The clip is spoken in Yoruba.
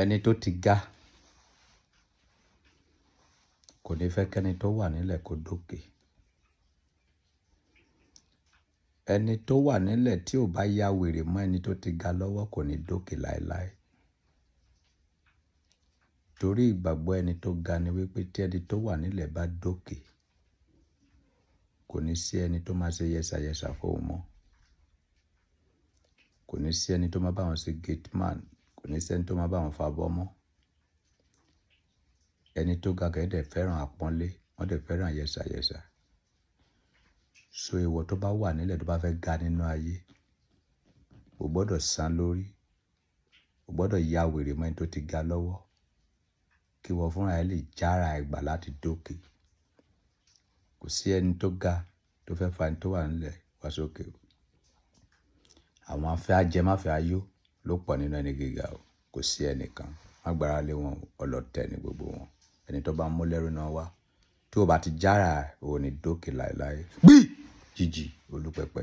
ẹni tó ti ga kò ní fẹ́ kẹ́ni tó wà nílẹ̀ kó dókè ẹni tó wà nílẹ̀ tí ò bá ya wèrè mọ́ ẹni tó ti ga lọ́wọ́ kò ní dókè láéláé torí ìgbàgbọ́ ẹni tó ga ni wípé tí ẹni tó wà nílẹ̀ bá dókè kò ní sí ẹni tó máa ṣe yẹsàyẹsà fóun mọ́ kò ní sí ẹni tó máa bá wọn ṣe gateman kò ní sẹ́ni tó máa bá wọn fa bọ́ mọ́ ẹni tó ga kẹ́ dẹ̀ fẹ́ràn àpọ́nlé wọ́n dẹ̀ fẹ́ràn yẹsàyẹsà so ìwọ tó bá wà nílẹ̀ tó bá fẹ́ ga nínú ayé o gbọ́dọ̀ san lórí o gbọ́dọ̀ ya wèrè mọ́ ẹni tó ti ga lọ́wọ́ kí wọ́n fúnra ẹ lè jára ẹgbà láti dókè kò sí ẹni tó ga tó fẹ́ fa ẹni tó wà nílẹ̀ wá sókè o àwọn afẹ́ ajẹmáfẹ́ ayó ló pọ̀ nínú ẹni gíga o kò sí ẹnìkan má gbára lé wọn ọlọ́tẹ̀ ní gbogbo wọn ẹni tó bá mú lẹ́rù náà wá tí o bá ti jára òun ni dókè láéláé gbí jìjì olúpẹpẹ